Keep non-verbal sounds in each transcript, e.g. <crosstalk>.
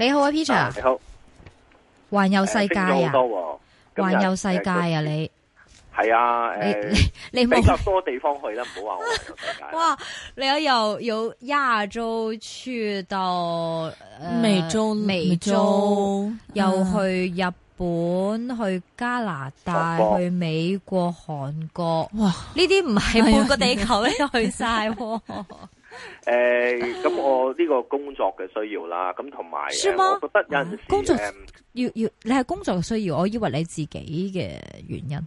你好啊，Peter。你好。環遊世界啊！環遊世界啊！你係啊，你冇好多地方去啦，唔好話我環遊世界。哇，你又由由亞洲去到美洲，美洲又去日本，去加拿大，去美國、韓國。哇，呢啲唔係半個地球你都去晒。誒，咁、 <laughs> 欸、我呢個工作嘅需要啦，咁同埋我覺得人工作要要，你係工作嘅需要，我以為你自己嘅原因。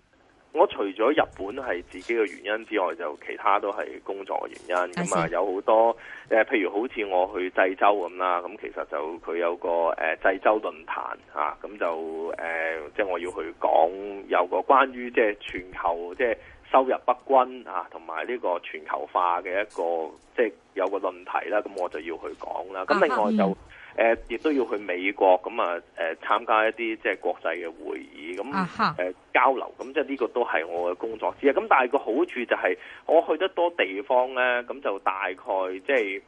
我除咗日本係自己嘅原因之外，就其他都係工作嘅原因。咁啊嗎、嗯，有好多誒，譬如好似我去濟州咁啦，咁其實就佢有個誒、呃、濟州論壇吓，咁、啊、就誒、呃，即係我要去講有個關於即係全球即係。收入不均啊，同埋呢個全球化嘅一個即係、就是、有個論題啦，咁我就要去講啦。咁另外就誒，亦、啊嗯、都要去美國咁啊誒，參加一啲即係國際嘅會議咁誒、啊、哈交流。咁即係呢個都係我嘅工作之一。咁但係個好處就係、是、我去得多地方咧，咁就大概即係。就是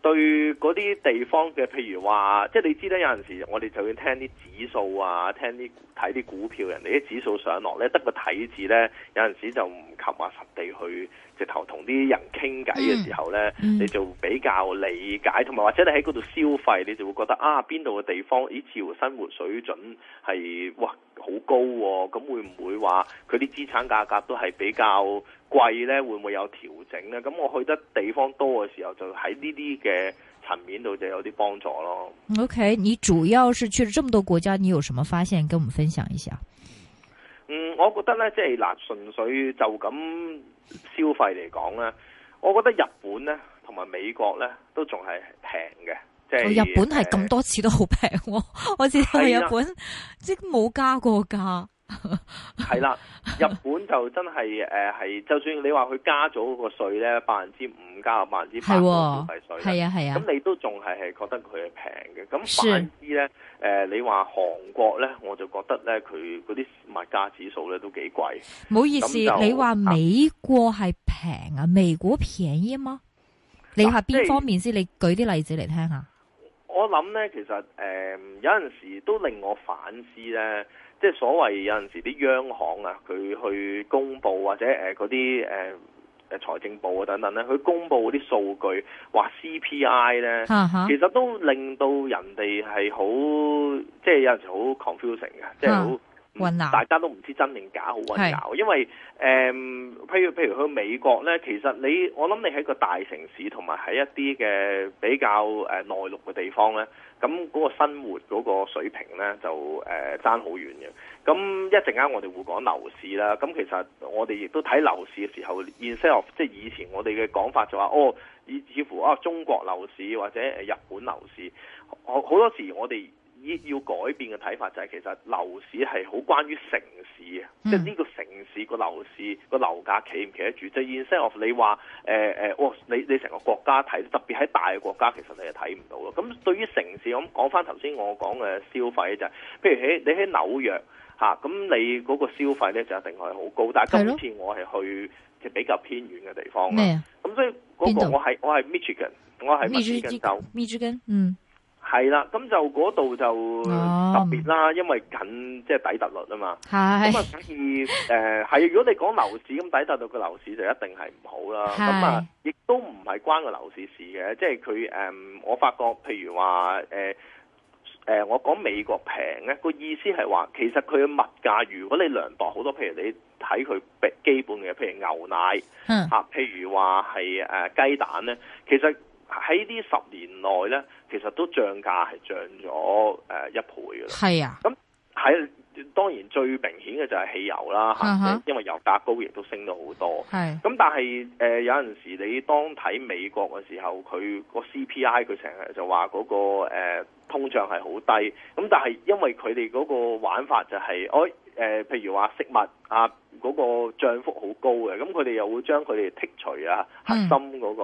對嗰啲地方嘅，譬如話，即係你知啦，有陣時我哋就要聽啲指數啊，聽啲睇啲股票，人哋啲指數上落咧，得個體字咧，有陣時就唔及話實地去直頭同啲人傾偈嘅時候咧，你就比較理解，同埋或者你喺嗰度消費，你就會覺得啊，邊度嘅地方咦，似乎生活水準係哇好高喎、哦，咁會唔會話佢啲資產價格都係比較貴咧，會唔會有調整咧？咁我去得地方多嘅時候，就喺呢啲嘅層面度就有啲幫助咯。OK，你主要是去咗這麼多國家，你有什麼發現？跟我們分享一下。嗯，我覺得咧，即係嗱，純粹就咁消費嚟講咧，我覺得日本咧同埋美國咧都仲係平嘅，即、就、係、是、日本係咁多次都好平、哦， <laughs> 我知道日本、啊、即冇加過價。係啦， <laughs> 日本就真係誒，係、 <laughs> 呃、就算你話佢加咗個稅咧，百分之五加百分之八嘅消費稅，係啊係啊，咁、啊、你都仲係係覺得佢係平嘅。咁反之咧，誒是、呃，你話韓國咧，我就覺得咧，佢嗰啲物價指數咧都幾貴。唔好意思，就你話美國係平啊，美股平啲嗎？你話邊方面先？你舉啲例子嚟聽下。我諗咧，其實誒、呃，有陣時都令我反思咧。即係所謂有陣時啲央行啊，佢去公布或者誒嗰啲誒誒財政部啊等等咧，佢公布嗰啲數據話 CPI 咧，CP 呢 uh huh. 其實都令到人哋係好即係有陣時好 confusing 嘅，即係好。嗯、大家都唔知真定假，好混淆。因為誒、嗯，譬如譬如去美國咧，其實你我諗你喺個大城市，同埋喺一啲嘅比較誒內陸嘅地方咧，咁、那、嗰個生活嗰個水平咧就誒爭好遠嘅。咁、呃、一陣間我哋會講樓市啦，咁其實我哋亦都睇樓市嘅時候，現 s 即係以前我哋嘅講法就話，哦以似乎啊中國樓市或者誒日本樓市，我好多時我哋。要改變嘅睇法就係其實樓市係好關於城市啊，嗯、即係呢個城市個樓市個樓價企唔企得住。即係 instead of 你話誒誒，哇！你你成個國家睇，特別喺大嘅國家，其實你係睇唔到咯。咁對於城市，咁講返頭先我講嘅消費就係、是，譬如喺你喺紐約嚇，咁、啊、你嗰個消費咧就一定係好高。但係今次我係去，就比較偏遠嘅地方咯。咁麼所以嗰個我係裡我係 Mich Michigan，我係 Michigan 州。嗯。係啦，咁就嗰度就特別啦，哦、因為緊即係、就是、底特律啊嘛。係咁啊，所以誒係，如果你講樓市咁底特律個樓市就一定係唔好啦。咁啊的，亦、嗯、都唔係關個樓市事嘅，即係佢誒，我發覺譬如話誒誒，我講美國平咧、個意思係話，其實佢嘅物價，如果你量度好多，譬如你睇佢基本嘅，譬如牛奶，嗯啊，譬如話係誒雞蛋咧，其實。喺呢十年內呢，其實都漲價係漲咗誒一倍嘅啦。係啊，咁喺當然最明顯嘅就係汽油啦嚇，uh huh. 因為油價高亦都升咗好多。係咁是，但係誒、呃、有陣時你當睇美國嘅時候，佢 CP、那個 CPI 佢成日就話嗰個通脹係好低，咁但係因為佢哋嗰個玩法就係、是、我。誒、呃，譬如話食物啊，嗰、那個漲幅好高嘅，咁佢哋又會將佢哋剔除啊核心嗰、那個、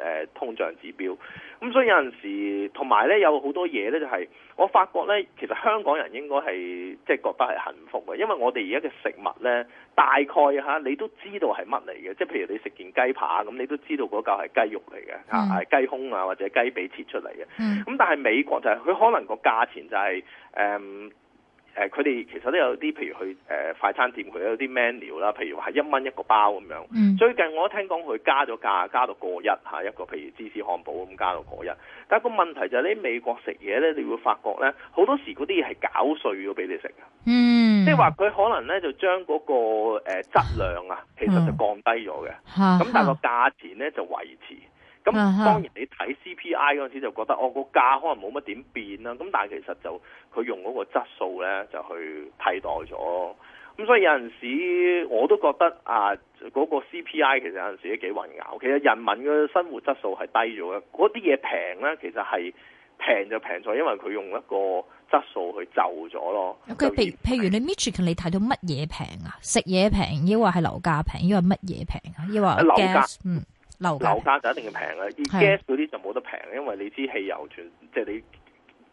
啊、通脹指標，咁、mm. 嗯、所以有陣時，同埋咧有好多嘢咧就係、是，我發覺咧其實香港人應該係即係覺得係幸福嘅，因為我哋而家嘅食物咧，大概嚇你都知道係乜嚟嘅，即係譬如你食件雞扒，咁你都知道嗰嚿係雞肉嚟嘅，嚇係、mm. 啊、雞胸啊或者雞髀切出嚟嘅，咁、mm. 嗯、但係美國就係、是、佢可能個價錢就係、是、誒。嗯誒佢哋其實都有啲，譬如去誒快餐店，佢有啲 menu 啦，譬如話係一蚊一個包咁樣。嗯、最近我聽講佢加咗價，加到過一嚇一個，譬如芝士漢堡咁加到過一。但個問題就係咧，喺美國食嘢咧，你會發覺咧，好多時嗰啲嘢係攪碎咗俾你食嘅。嗯，即係話佢可能咧就將嗰個誒質量啊，其實就降低咗嘅。咁、嗯、但係個價錢咧就維持。咁當然你睇 CPI 嗰陣時就覺得哦個價可能冇乜點變啦，咁但係其實就佢用嗰個質素咧就去替代咗，咁所以有陣時我都覺得啊嗰個 CPI 其實有陣時都幾混淆，其實人民嘅生活質素係低咗嘅，嗰啲嘢平咧其實係平就平在因為佢用一個質素去就咗咯。譬譬 Okay, 如你 Mitchell 你睇到乜嘢平啊？食嘢平，抑或係樓價平，抑或乜嘢平啊？抑或樓價嗯。樓價就一定要平啊！而 gas 嗰啲就冇得平，因為你知汽油全即係你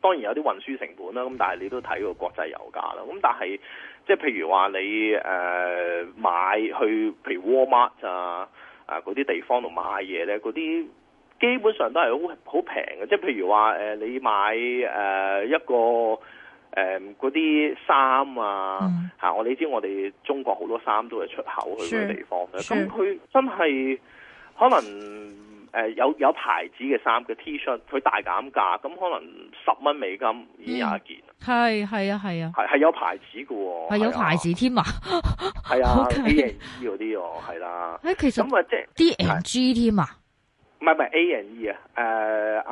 當然有啲運輸成本啦。咁但係你都睇個國際油價啦。咁但係即係譬如話你誒、呃、買去，譬如 Walmart 啊啊嗰啲地方度買嘢咧，嗰啲基本上都係好好平嘅。即係譬如話誒，你買誒、呃、一個誒嗰啲衫啊嚇，嗯、道我哋知我哋中國好多衫都係出口去嗰啲地方，咁佢真係。可能誒有有牌子嘅衫嘅 T-shirt 佢大減價，咁可能十蚊美金已經有一件，係係啊係啊，係係有牌子㗎喎，係有牌子添啊，係啊 A N E 嗰啲喎，係啦，誒其實咁啊即係 D N G 添啊，唔係唔係 A N E 啊，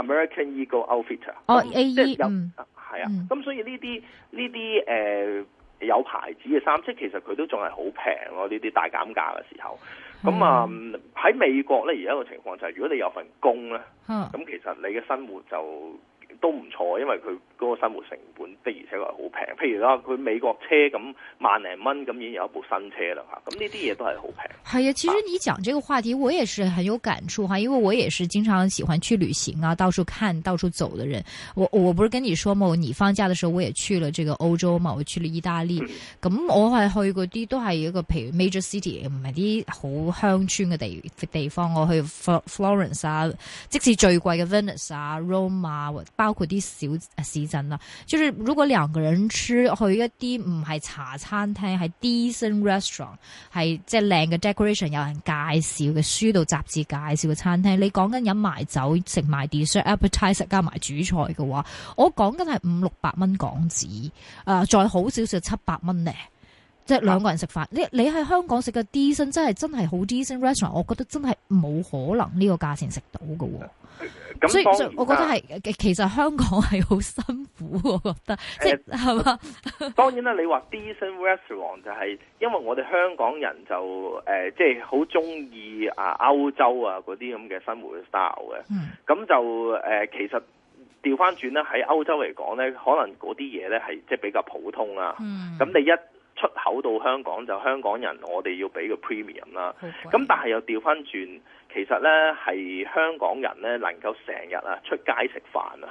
誒 American Eagle Outfitter 哦 A E，係啊，咁所以呢啲呢啲誒有牌子嘅衫，即係其實佢都仲係好平咯，呢啲大減價嘅時候。咁啊，喺美國咧、就是，而家個情況就係如果你有份工咧，咁其實你嘅生活就～都唔錯，因為佢嗰個生活成本的而且確好平。譬如啦，佢美國車咁萬零蚊咁已經有一部新車啦嚇。咁呢啲嘢都係好平。係啊，其實你講呢個話題，我也是很有感觸。嚇，因為我也是經常喜歡去旅行啊，到處看到處走嘅人。我我不是跟你講冇，你放假嘅時候我也去了這個歐洲嘛，我去了意大利。咁、嗯、我係去嗰啲都係一個譬如 major city，唔係啲好鄉村嘅地地方。我去 Florence 啊，即使最貴嘅 Venice 啊、Roma 或、啊。包括啲小市鎮啦，就是如果兩個人出去一啲唔係茶餐廳，係 decent restaurant，係即係靚嘅 decoration，有人介紹嘅書到雜誌介紹嘅餐廳，你講緊飲埋酒，食埋 dessert，appetizer 加埋主菜嘅話，我講緊係五六百蚊港紙，誒，再好少少七百蚊咧。即係兩個人食飯，啊，你你喺香港食嘅 decent 真係真係好 decent restaurant，我覺得真係冇可能呢個價錢食到嘅。咁所以我覺得係其實香港係好辛苦，我覺得即係嘛。啊就是、當然啦，你話 decent restaurant 就係因為我哋香港人就誒即係好中意啊歐洲啊嗰啲咁嘅生活 style 嘅。咁、嗯、就誒、呃、其實調翻轉咧喺歐洲嚟講咧，可能嗰啲嘢咧係即係比較普通啊。咁、嗯、你一出口到香港就香港人，我哋要俾個 premium 啦。咁的但係又調翻轉，其實呢係香港人呢能夠成日啊出街食飯啊呢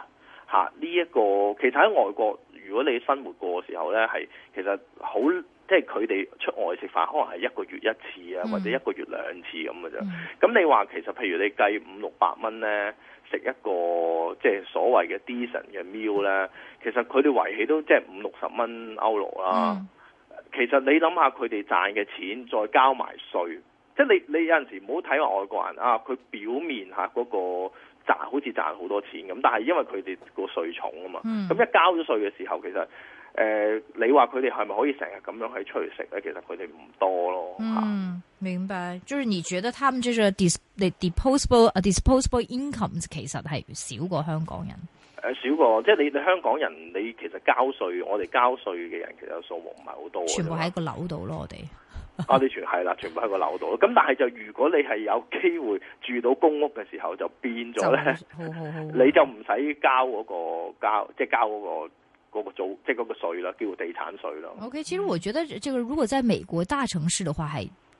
一、啊呢個，其實喺外國如果你生活過嘅時候呢，係其實好即係佢哋出外食飯，可能係一個月一次啊、嗯、或者一個月兩次咁嘅啫。咁、嗯、你話其實譬如你計五六百蚊呢，食一個即係、即係、所謂嘅 decent 嘅 meal 呢，嗯、其實佢哋圍起都即係五六十蚊歐羅啦。嗯其實你諗下佢哋賺嘅錢再交埋稅，即係你你有陣時唔好睇外國人啊，佢表面嚇嗰個賺好似賺好多錢咁，但係因為佢哋個稅重啊嘛，咁、嗯、一交咗稅嘅時候，其實誒、呃、你話佢哋係咪可以成日咁樣係出去食咧？其實佢哋唔多咯，嗯，啊、明白。就是你覺得他們這種 dis disposable disposable income 其實係少過香港人。誒少過，即係你哋香港人，你其實交稅，我哋交稅嘅人其實數目唔係好多全部喺個樓度咯，我哋。 <laughs> 啊，你全係啦，全部喺個樓度咯。咁但係就如果你係有機會住到公屋嘅時候，就變咗咧，就好好好你就唔使交嗰、嗰個交，即係交嗰、嗰個嗰、嗰個、嗰個、即係嗰稅啦，叫地產稅啦。O、okay, K，其實我覺得，這個如果喺美國大城市嘅話，係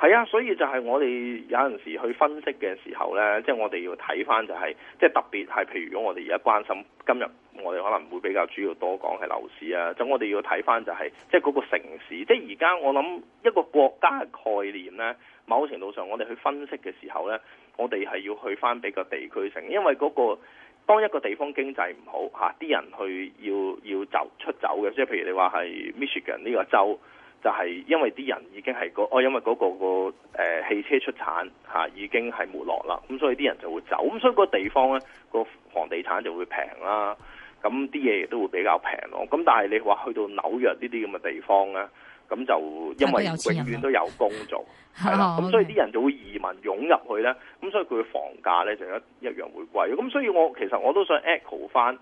係啊，所以就係我哋有陣時去分析嘅時候呢，即係我哋要睇翻就係，即係特別係譬如果我哋而家關心今日，我哋可能會比較主要多講係樓市啊。咁我哋要睇翻就係，即係嗰個城市。即係而家我諗一個國家概念呢，某程度上我哋去分析嘅時候呢，我哋係要去翻比較地區性，因為嗰個當一個地方經濟唔好嚇，啲人去要要走出走嘅，即係譬如你話係 Michigan 呢個州。就係因為啲人已經係個，哦，因為嗰、嗰個個、呃、汽車出產、啊、已經係沒落啦，咁所以啲人就會走，咁所以個地方咧個房地產就會平啦，咁啲嘢亦都會比較平咯。咁但係你話去到紐約呢啲咁嘅地方咧，咁就因為永遠都有工做，係啦，咁所以啲人就會移民湧入去咧，咁所以佢嘅房價咧就一一樣會貴。咁所以我其實我都想 echo 翻。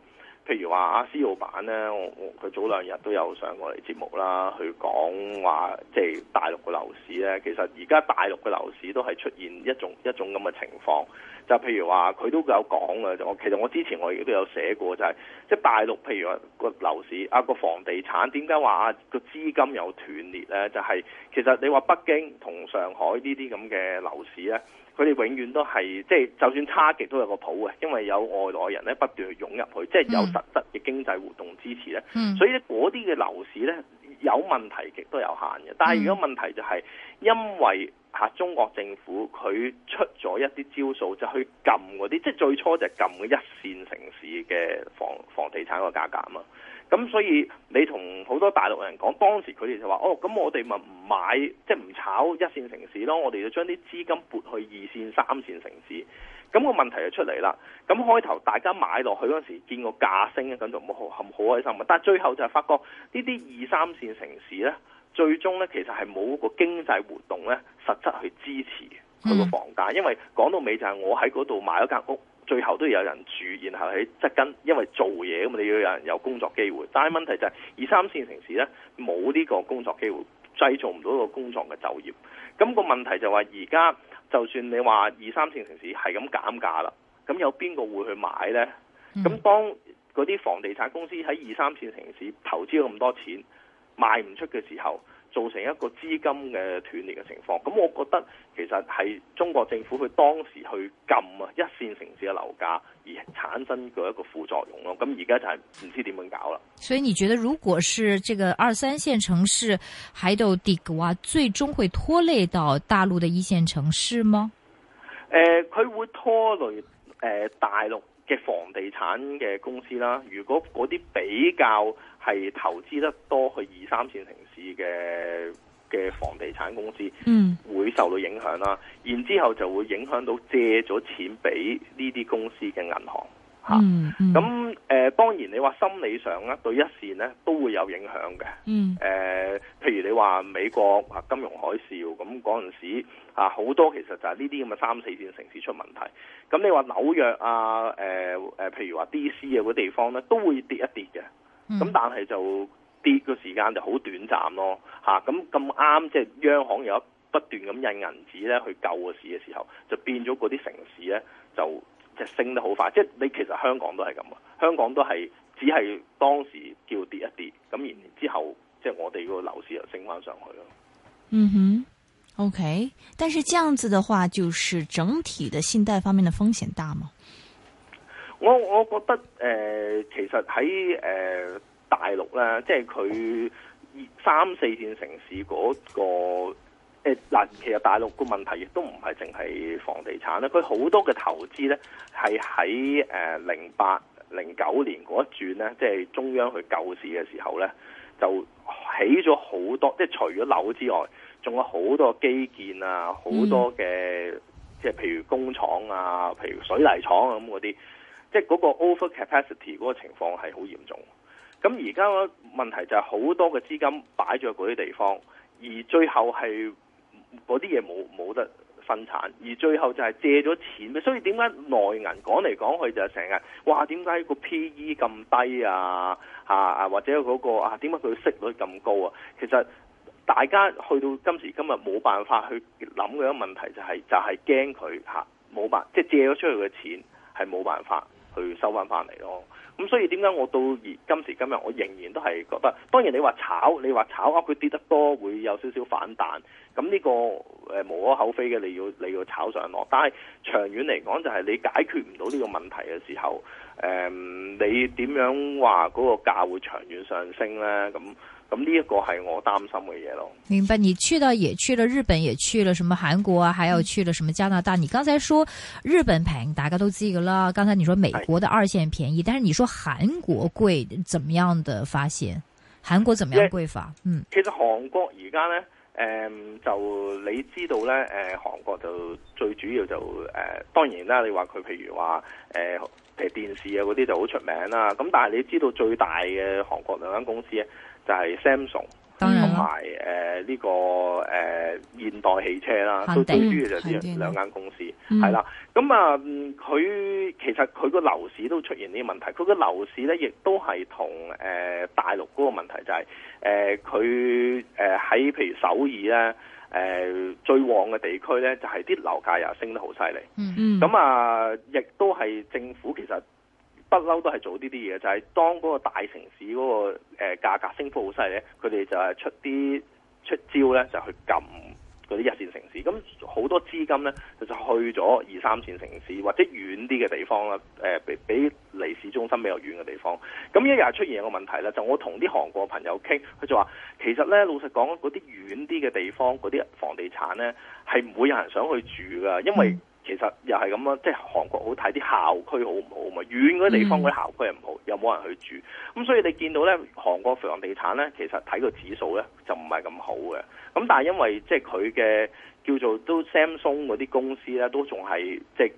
譬如話阿 C 老闆咧，我佢早兩日都有上過嚟節目啦，去講話即係大陸嘅樓市咧。其實而家大陸嘅樓市都係出現一種一種咁嘅情況，就譬如話佢都有講嘅。我其實我之前我亦都有寫過、就是，就係即係大陸譬如話個樓市啊，個房地產點解話啊個資金有斷裂咧？就係、是、其實你話北京同上海呢啲咁嘅樓市咧。佢哋永遠都係即係，就係、就算差極都有個譜嘅，因為有外來人咧不斷去湧入去，即係有實質嘅經濟活動支持咧。嗯、所以咧嗰啲嘅樓市咧有問題極都有限嘅。但係如果問題就係因為嚇中國政府佢出咗一啲招數就禁那些，就去撳嗰啲，即係最初就撳一線城市嘅房房地產個價格吖嘛。咁所以你同好多大陸人講，當時佢哋就話：哦，咁我哋咪唔買，即係唔炒一線城市咯，我哋就將啲資金撥去二線、三線城市。咁個問題就出嚟啦。咁開頭大家買落去嗰陣時，見個價升，咁就梗係好開心啊。但係最後就係發覺，呢啲二三線城市呢，最終呢其實係冇個經濟活動呢實質去支持佢個房價。因為講到尾就係我喺嗰度買一間屋。最後要都有人住，然後喺紮根，因為做嘢咁啊，你要有人有工作機會。但係問題就係、是、二三線城市呢，冇呢個工作機會，製造唔到個工作嘅就業。咁、那個問題就係而家就算你話二三線城市係咁減價啦，咁有邊個會去買呢？咁當嗰啲房地產公司喺二三線城市投資咗咁多錢賣唔出嘅時候。造成一個資金嘅斷裂嘅情況，咁我覺得其實係中國政府佢當時去撳啊一線城市嘅樓價而產生咗一個副作用咯。咁而家就係唔知點樣搞啦。所以，你覺得如果是這個二三線城市喺度跌嘅話，最終會拖累到大陸的一線城市嗎？誒、呃，佢會拖累誒、呃、大陸嘅房地產嘅公司啦。如果嗰啲比較。係投資得多去二三線城市嘅嘅房地產公司，嗯，會受到影響啦。然之後就會影響到借咗錢俾呢啲公司嘅銀行，嚇、嗯。咁、嗯、誒、呃，當然你話心理上咧，對一線呢都會有影響嘅。誒、嗯呃，譬如你話美國啊，金融海嘯咁嗰陣時啊，好多其實就係呢啲咁嘅三四線城市出問題。咁你話紐約啊，誒、呃、誒，譬如話 D.C. 啊，嗰啲地方咧，都會跌一跌嘅。咁、嗯、但係就跌個時間就好短暫咯，吓，咁咁啱即係央行有不斷咁印銀紙咧去救個市嘅時候，就變咗嗰啲城市咧就即係升得好快，即、就、係、是、你其實香港都係咁啊，香港都係只係當時叫跌一跌，咁然後之後即係、就是、我哋個樓市又升翻上去咯。嗯哼，OK，但是這樣子的話，就是整體的信貸方面的風險大嗎？我我覺得誒、呃，其實喺誒、呃、大陸咧，即係佢三四線城市嗰、那個嗱、呃，其實大陸個問題亦都唔係淨係房地產咧，佢好多嘅投資咧係喺誒零八零九年嗰一轉咧，即係中央去救市嘅時候咧，就起咗好多，即係除咗樓之外，仲有好多基建啊，好多嘅即係譬如工廠啊，譬如水泥廠啊咁嗰啲。即係嗰個 over capacity 嗰個情況係好嚴重的，咁而家問題就係好多嘅資金擺咗喺嗰啲地方，而最後係嗰啲嘢冇冇得分產，而最後就係借咗錢。所以點解內銀講嚟講去就係成日話點解個 PE 咁低啊？嚇啊或者嗰個啊點解佢息率咁高啊？其實大家去到今時今日冇辦法去諗嗰個問題、就係，就係就係驚佢嚇冇辦，即係借咗出去嘅錢係冇辦法。去收翻翻嚟咯，咁所以點解我到而今時今日，我仍然都係覺得，當然你話炒，你話炒，佢跌得多會有少少反彈，咁呢、這個誒、呃、無可厚非嘅，你要你要炒上落，但係長遠嚟講就係你解決唔到呢個問題嘅時候，誒、呃、你點樣話嗰個價會長遠上升呢？咁。咁呢一個係我擔心嘅嘢咯。明白，你去到也去了日本，也去了什麼韓國啊，還有去了什麼加拿大。你剛才說日本平，大家都知㗎啦。剛才你說美國的二線便宜，是但是你說韓國貴，怎麼樣的發現？韓國怎麼樣貴法？嗯，其實韓國而家呢，誒、嗯、就你知道呢，誒韓國就最主要就誒、呃、當然啦。你話佢譬如話譬如電視啊嗰啲就好出名啦。咁但係你知道最大嘅韓國兩間公司就係 Samsung，同埋呢個誒、呃、現代汽車啦，定都最主要就係、是、定兩間公司，係、嗯、啦。咁啊，佢、呃、其實佢個樓市都出現呢個問題，佢個樓市咧亦都係同、呃、大陸嗰個問題就係誒佢誒喺譬如首爾咧誒、呃、最旺嘅地區咧，就係、是、啲樓價又升得好犀利。嗯嗯，咁啊，亦、呃、都係政府其實。不嬲都係做呢啲嘢就係、是、當嗰個大城市嗰、那個誒、呃、價格升幅好犀利咧，佢哋就係出啲出招咧，就去撳嗰啲一線城市。咁好多資金咧，就去咗二三線城市或者遠啲嘅地方啦。誒、呃，比比離市中心比較遠嘅地方。咁一日出現有個問題咧，就我同啲韓國朋友傾，佢就話其實咧，老實講，嗰啲遠啲嘅地方嗰啲房地產咧，係唔會有人想去住㗎，因為。其實又係咁樣，即係韓國好睇啲校區好唔好嘛，遠嗰啲地方嗰啲校區又唔好，又冇人去住，咁所以你見到咧韓國房地產咧，其實睇個指數咧就唔係咁好嘅。咁但係因為即係佢嘅叫做都 Samsung 嗰啲公司咧，都仲係即係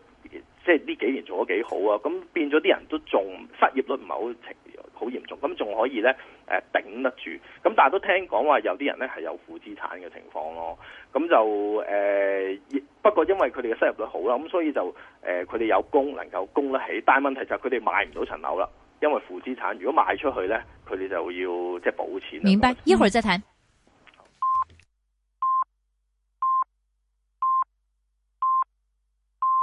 即係呢幾年做得幾好啊，咁變咗啲人都仲失業率唔係好情好嚴重，咁仲可以呢誒頂得住，咁但係都聽講話有啲人呢係有負資產嘅情況咯，咁就誒、欸，不過因為佢哋嘅收入都好啦，咁所以就誒佢哋有供，能夠供得起，但係問題就係佢哋買唔到層樓啦，因為負資產，如果賣出去呢，佢哋就要即係補錢。明白，一會再談。嗯。